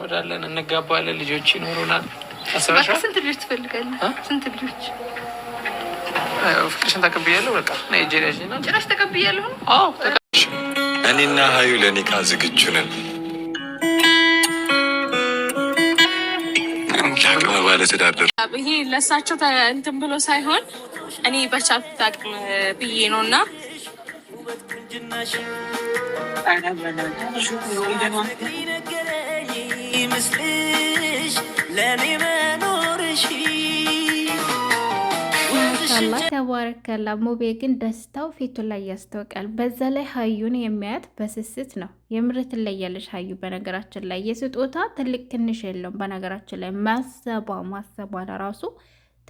እንወዳለን፣ እንጋባለን፣ ልጆች ይኖሩናል። ስንት ልጆች ትፈልጋለህ? ስንት ልጆች? ፍቅርሽን ተቀብያለሁ። በቃ ና ጭራሽ ተቀብያለሁ። እኔና ሀዩ ለኒካ ዝግጁ ነን። አቅመ ባለትዳደር ይሄ ለእሳቸው እንትን ብሎ ሳይሆን እኔ በቻልኩት አቅም ብዬ ነው እና ይመስልሽ ማሻላ ተባረከላ። ሙቤ ግን ደስታው ፊቱ ላይ ያስታውቃል። በዛ ላይ ሀዩን የሚያያት በስስት ነው። የምር ትለያለሽ ሀዩ። በነገራችን ላይ የስጦታ ትልቅ ትንሽ የለውም። በነገራችን ላይ ማሰቧ ማሰቧ ለራሱ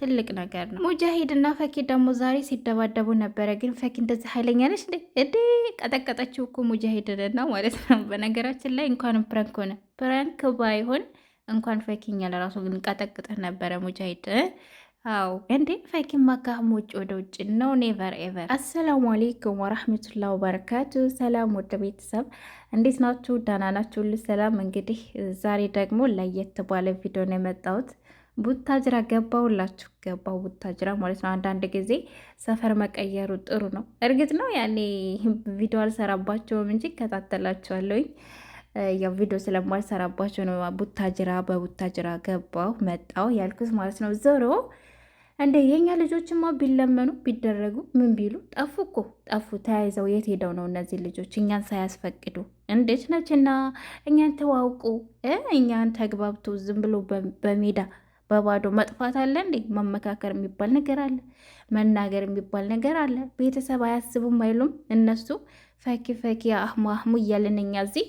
ትልቅ ነገር ነው። ሙጃሂድ እና ፈኪ ደግሞ ዛሬ ሲደባደቡ ነበረ። ግን ፈኪ እንደዚህ ኃይለኛ ነች እንዴ? እዴ ቀጠቀጠችው እኮ ሙጃሂድን እና ማለት ነው። በነገራችን ላይ እንኳንም ፕራንክ ሆነ ፕራንክ ባይሆን እንኳን ፈኪኛ ለራሱ ግን ቀጠቅጥህ ነበረ ሙጃሂድ አው እንዴ ፈኪ ማካህም ውጭ ወደ ውጭ ነው። ኔቨር ኤቨር። አሰላሙ አሌይኩም ወራህመቱላ ወበረካቱ። ሰላም ወደ ቤተሰብ እንዴት ናችሁ? ደህና ናችሁ? ሁሉ ሰላም። እንግዲህ ዛሬ ደግሞ ለየት ባለ ቪዲዮ ነው የመጣሁት። ቡታጅራ ገባውላችሁ ገባው ቡታጅራ ማለት ነው። አንዳንድ ጊዜ ሰፈር መቀየሩ ጥሩ ነው። እርግጥ ነው ያኔ ቪዲዮ አልሰራባቸውም እንጂ ከታተላቸዋለሁኝ። ያው ቪዲዮ ስለማልሰራባቸው ነው ቡታጅራ በቡታጅራ ገባው መጣው ያልኩት ማለት ነው። ዞሮ እንደ የኛ ልጆችማ ቢለመኑ ቢደረጉ ምን ቢሉ ጠፉ እኮ ጠፉ። ተያይዘው የት ሄደው ነው እነዚህ ልጆች እኛን ሳያስፈቅዱ? እንዴት ነችና እኛን ተዋውቁ እኛን ተግባብቶ ዝም ብሎ በሜዳ በባዶ መጥፋት አለ እንዴ? መመካከር የሚባል ነገር አለ፣ መናገር የሚባል ነገር አለ። ቤተሰብ አያስቡም አይሉም እነሱ ፈኪ ፈኪ አህሙ አህሙ እያለነኛ እዚህ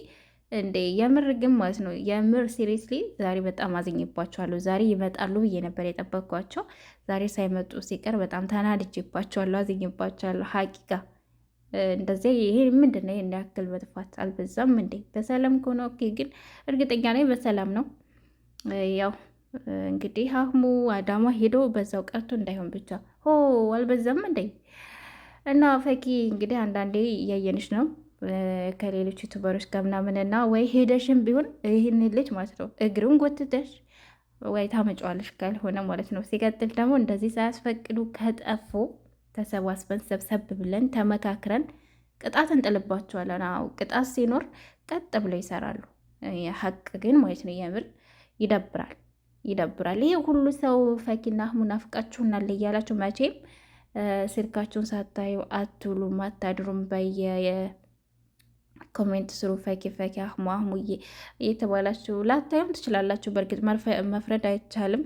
እንዴ የምር ግን ማለት ነው የምር ሲሪየስሊ ዛሬ በጣም አዝኜባቸዋለሁ። ዛሬ ይመጣሉ ብዬ ነበር የጠበቅኳቸው። ዛሬ ሳይመጡ ሲቀር በጣም ተናድጄባቸዋለሁ፣ አዝኜባቸዋለሁ። ሀቂቃ እንደዚያ ይሄ ምንድን ነው? ይህን ያክል መጥፋት አልበዛም እንዴ? በሰላም ከሆነ ኦኬ። ግን እርግጠኛ ነኝ በሰላም ነው ያው እንግዲህ አህሙ አዳማ ሄዶ በዛው ቀርቶ እንዳይሆን ብቻ ሆ አልበዛም እንዴ? እና ፈኪ እንግዲህ አንዳንዴ እያየንሽ ነው ከሌሎች ዩቱበሮች ጋር ምናምን እና ወይ ሄደሽም ቢሆን ይህን ልጅ ማለት ነው እግሩን ጎትተሽ ወይ ታመጫዋለሽ ካልሆነ ማለት ነው። ሲቀጥል ደግሞ እንደዚህ ሳያስፈቅዱ ከጠፉ ተሰባስበን ሰብሰብ ብለን ተመካክረን ቅጣት እንጥልባቸዋለን። አዎ ቅጣት ሲኖር ቀጥ ብለው ይሰራሉ። ሀቅ ግን ማለት ነው የምር ይደብራል። ይደብራል። ይህ ሁሉ ሰው ፈኪና አህሙን ናፍቃችሁናል እያላችሁ መቼም ስልካችሁን ሳታዩ አትውሉም አታድሩም። በየኮሜንት ስሩ ፈኪ ፈኪ አህሙ አህሙዬ እየተባላችሁ ላታዩም ትችላላችሁ። በእርግጥ መፍረድ አይቻልም።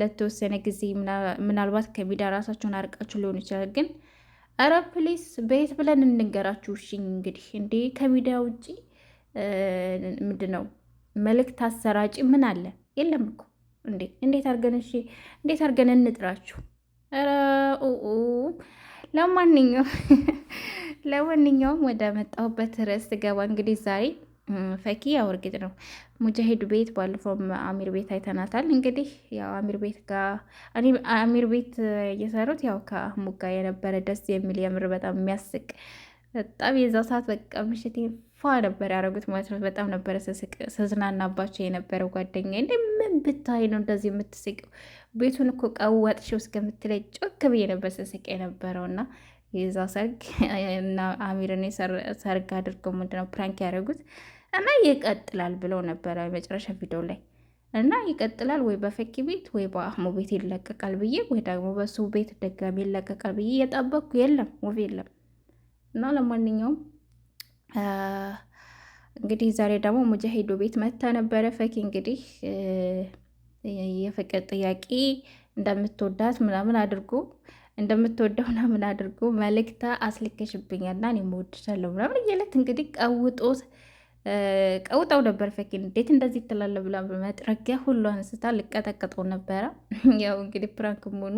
ለተወሰነ ጊዜ ምናልባት ከሚዲያ ራሳችሁን አርቃችሁ ሊሆን ይችላል። ግን ኧረ ፕሊስ በየት ብለን እንንገራችሁ? እሽኝ እንግዲህ እንዴ ከሚዲያ ውጭ ምንድን ነው መልእክት አሰራጭ ምን አለ? የለም እኮ እንዴ! እንዴት አርገን እሺ፣ እንዴት አርገን እንጥራችሁ? ኧረ ለማንኛውም ለማንኛውም ወደ መጣሁበት ርዕስ ገባ። እንግዲህ ዛሬ ፈኪ ያው እርግጥ ነው ሙጃሂድ ቤት ባለፈውም አሚር ቤት አይተናታል። እንግዲህ ያው አሚር ቤት ጋር አሚር ቤት እየሰሩት ያው ከአህሙ ጋር የነበረ ደስ የሚል የምር በጣም የሚያስቅ በጣም የዛ ሰዓት በቃ ምሽት ፏ ነበር ያደረጉት ማለት ነው። በጣም ነበረ ስዝናናባቸው የነበረው ጓደኛ እንደ ምን ብታይ ነው እንደዚህ የምትስቅ? ቤቱን እኮ ቀዋጥሽው እስከምትለይ ጮክ ብዬ ነበር ስስቅ የነበረው እና የዛ ሰርግ እና አሚርን ሰርግ አድርገው ምንድነው ፕራንክ ያደረጉት እና ይቀጥላል ብለው ነበረ መጨረሻ ቪዲዮ ላይ እና ይቀጥላል ወይ በፈኪ ቤት ወይ በአህሙ ቤት ይለቀቃል ብዬ ወይ ደግሞ በሱ ቤት ደጋሚ ይለቀቃል ብዬ እየጠበቅኩ የለም ውብ የለም እና ለማንኛውም እንግዲህ ዛሬ ደግሞ ሙጃሂዱ ቤት መታ ነበረ። ፈኪ እንግዲህ የፍቅር ጥያቄ እንደምትወዳት ምናምን አድርጎ እንደምትወደው ምናምን አድርጎ መልእክታ አስልከሽብኛልና እኔ እወድሻለሁ ምናምን እያለት እንግዲህ ቀውጦት ቀውጠው ነበር። ፈኪ እንዴት እንደዚህ ትላለ ብላ በመጥረጊያ ሁሉ አንስታ ልቀጠቀጠው ነበረ። ያው እንግዲህ ፕራንክ መሆኑ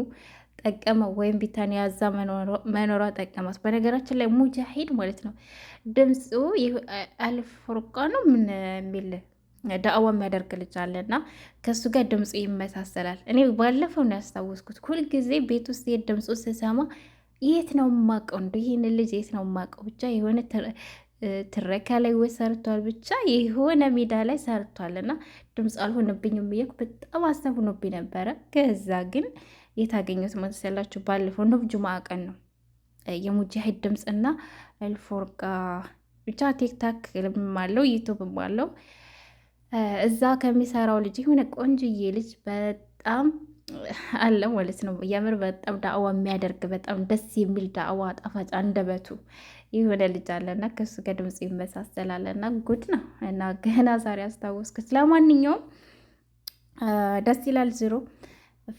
ጠቀመው ወይም ቢታንያ እዛ መኖሯ ጠቀማት። በነገራችን ላይ ሙጃሂድ ማለት ነው ድምፁ አልፍርቃኑ ምን የሚል ዳዕዋ የሚያደርግ ልጅ አለ አለና ከእሱ ጋር ድምፁ ይመሳሰላል። እኔ ባለፈው ነው ያስታወስኩት። ሁልጊዜ ቤት ውስጥ የድምፁ ስሰማ የት ነው የማውቀው? እንዲ ይህን ልጅ የት ነው የማውቀው? ብቻ የሆነ ትረካ ላይ ወይ ሰርቷል፣ ብቻ የሆነ ሜዳ ላይ ሰርቷል እና ድምፅ አልሆነብኝም ብዬ በጣም አሰብ ሆኖብኝ ነበረ። ከዛ ግን የታገኘት የታገኘሁት መሰላችሁ ባለፈው ነው ጁማ ቀን ነው የሙጃሂድ እና አልፎርቃ ብቻ ቲክታክ ልምማለው ዩቱብ ማለው እዛ ከሚሰራው ልጅ የሆነ ቆንጅዬ ልጅ በጣም አለ ማለት ነው። የምር በጣም ዳዕዋ የሚያደርግ በጣም ደስ የሚል ዳዕዋ ጣፋጭ አንደበቱ የሆነ ልጅ አለና ከሱ ጋር ድምፁ ይመሳሰላል ጉድ ነው እና ገና ዛሬ አስታወስኩት። ለማንኛውም ደስ ይላል። ዝሮ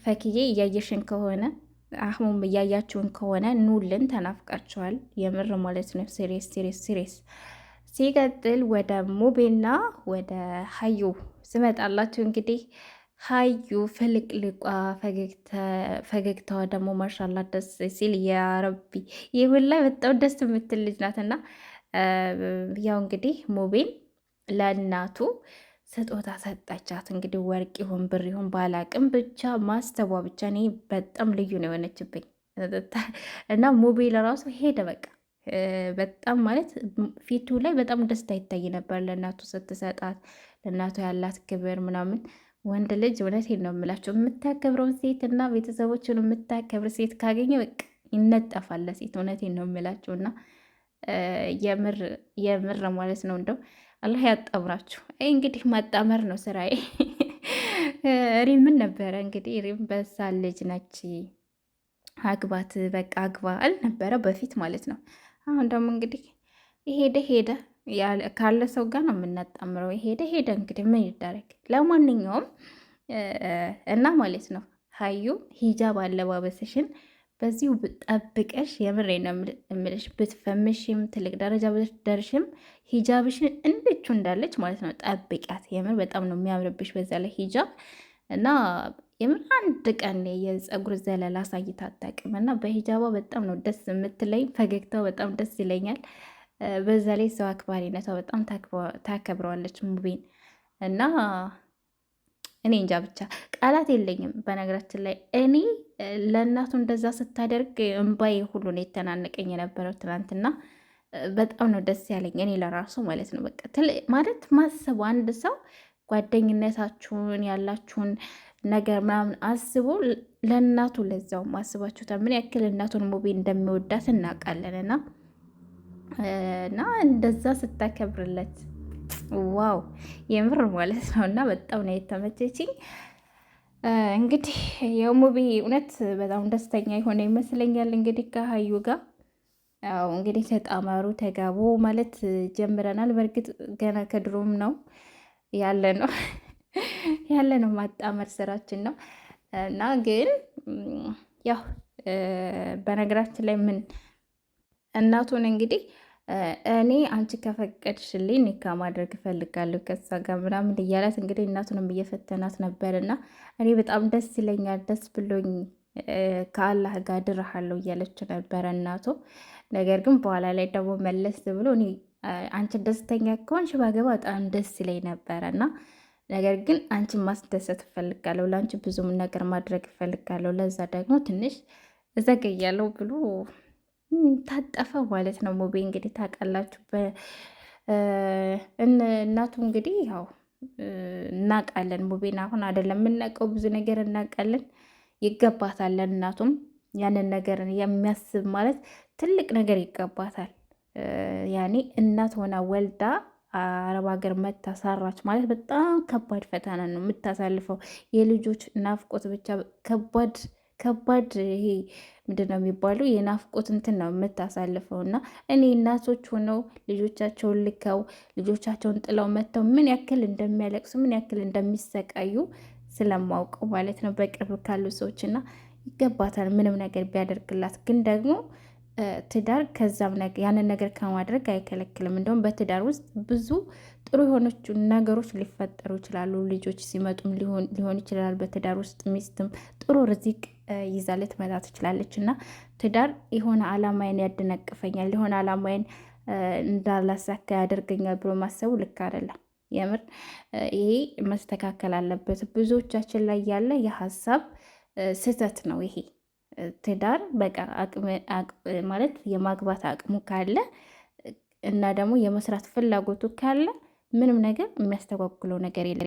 ፈክዬ እያየሽን ከሆነ አህሙም እያያችሁን ከሆነ ኑልን፣ ተናፍቃችኋል። የምር ማለት ነው። ሲሬስ ሲሬስ ሲሬስ ሲቀጥል ወደ ሙቤና ወደ ሀዩ ስመጣላችሁ እንግዲህ ሀዩ ፍልቅልቋ ፈገግታዋ ደግሞ ማሻላ ደስ ሲል የረቢ ይሁን ላይ በጣም ደስ የምትል ልጅ ናት። እና ያው እንግዲህ ሙቤን ለእናቱ ስጦታ ሰጠቻት። እንግዲህ ወርቅ ይሁን ብር ይሁን ባላቅም ብቻ ማስተቧ ብቻ እኔ በጣም ልዩ ነው የሆነችብኝ እና ሙቤ ለራሱ ሄደ በቃ በጣም ማለት ፊቱ ላይ በጣም ደስታ ይታይ ነበር ለእናቱ ስትሰጣት ለእናቱ ያላት ክብር ምናምን ወንድ ልጅ እውነቴን ነው የምላቸው የምታከብረውን ሴት እና ቤተሰቦችን የምታከብር ሴት ካገኘ በቃ ይነጠፋል ለሴት። እውነቴን ነው የምላቸው እና የምር ማለት ነው እንደው አላህ ያጣምራችሁ። እንግዲህ ማጣመር ነው ስራዬ። ሪም ምን ነበረ እንግዲህ ሪም በሳ ልጅ ነች፣ አግባት በቃ አግባ አልነበረ በፊት ማለት ነው። አሁን ደግሞ እንግዲህ ሄደ ሄደ ካለ ሰው ጋር ነው የምናጣምረው። ሄደ ሄደ እንግዲህ ምን ይደረግ። ለማንኛውም እና ማለት ነው ሀዩ ሂጃብ አለባበስሽን በዚሁ ብጠብቀሽ የምሬ ነው የምልሽ። ብትፈምሽም ትልቅ ደረጃ ብትደርሽም ሂጃብሽን እንደቹ እንዳለች ማለት ነው ጠብቂያት። የምር በጣም ነው የሚያምርብሽ በዛ ላይ ሂጃብ እና የምር አንድ ቀን የፀጉር ዘለላ አሳይታ አታውቅም እና በሂጃቧ በጣም ነው ደስ የምትለኝ። ፈገግታው በጣም ደስ ይለኛል። በዛ ላይ ሰው አክባሪነቷ በጣም ታከብረዋለች ሙቤን እና እኔ እንጃ ብቻ ቃላት የለኝም። በነገራችን ላይ እኔ ለእናቱ እንደዛ ስታደርግ እምባዬ ሁሉ ነው የተናነቀኝ የነበረው ትናንትና። በጣም ነው ደስ ያለኝ እኔ ለራሱ ማለት ነው። በቃ ማለት ማሰቡ አንድ ሰው ጓደኝነታችሁን ያላችሁን ነገር ምናምን አስቦ ለእናቱ ለዛው አስባችሁታል። ምን ያክል እናቱን ሙቤ እንደሚወዳት እናውቃለን እና እና እንደዛ ስታከብርለት ዋው የምር ማለት ነው። እና በጣም ነው የተመቸችኝ። እንግዲህ የሙቢ እውነት በጣም ደስተኛ የሆነ ይመስለኛል። እንግዲህ ከሀዩ ጋር ያው እንግዲህ ተጣመሩ ተጋቡ ማለት ጀምረናል። በእርግጥ ገና ከድሮም ነው ያለ ነው ያለ ነው ማጣመር ስራችን ነው እና ግን ያው በነገራችን ላይ ምን እናቱን እንግዲህ እኔ አንቺ ከፈቀድሽልኝ ኒካ ማድረግ እፈልጋለሁ ከሷ ጋር ምናምን እያላት እንግዲህ እናቱንም እየፈተናት ነበር ነበርና እኔ በጣም ደስ ይለኛል፣ ደስ ብሎኝ ከአላህ ጋር ድረሃለሁ እያለች ነበረ እናቱ። ነገር ግን በኋላ ላይ ደግሞ መለስ ብሎ እኔ አንቺ ደስተኛ ከሆንሽ ባገባ በጣም ደስ ይለኝ ነበረ ነበረና ነገር ግን አንቺን ማስደሰት እፈልጋለሁ፣ ለአንቺ ብዙም ነገር ማድረግ እፈልጋለሁ፣ ለዛ ደግሞ ትንሽ እዘገያለሁ ብሎ ታጠፈ ማለት ነው። ሙቤ እንግዲህ ታውቃላችሁ፣ እናቱ እንግዲህ ያው እናውቃለን። ሙቤን አሁን አይደለም የምናውቀው፣ ብዙ ነገር እናውቃለን። ይገባታለን እናቱም ያንን ነገር የሚያስብ ማለት ትልቅ ነገር ይገባታል። ያኔ እናት ሆና ወልዳ አረብ ሀገር መታ ሰራች ማለት በጣም ከባድ ፈተና ነው የምታሳልፈው። የልጆች ናፍቆት ብቻ ከባድ ከባድ ይሄ ምንድን ነው የሚባለው የናፍቆት እንትን ነው የምታሳልፈው። እና እኔ እናቶች ሆነው ልጆቻቸውን ልከው ልጆቻቸውን ጥለው መጥተው ምን ያክል እንደሚያለቅሱ ምን ያክል እንደሚሰቃዩ ስለማውቀው ማለት ነው በቅርብ ካሉ ሰዎች እና ይገባታል ምንም ነገር ቢያደርግላት ግን ደግሞ ትዳር ከዛም ያንን ነገር ከማድረግ አይከለክልም። እንደውም በትዳር ውስጥ ብዙ ጥሩ የሆነች ነገሮች ሊፈጠሩ ይችላሉ። ልጆች ሲመጡም ሊሆን ይችላል። በትዳር ውስጥ ሚስትም ጥሩ ርዚቅ ይዛ ልትመጣ ትችላለች እና ትዳር የሆነ አላማዬን ያደነቅፈኛል፣ የሆነ አላማዬን እንዳላሳካ ያደርገኛል ብሎ ማሰቡ ልክ አይደለም። የምር ይሄ መስተካከል አለበት። ብዙዎቻችን ላይ ያለ የሀሳብ ስህተት ነው ይሄ ትዳር በቃ ማለት የማግባት አቅሙ ካለ እና ደግሞ የመስራት ፍላጎቱ ካለ ምንም ነገር የሚያስተጓጉለው ነገር የለም።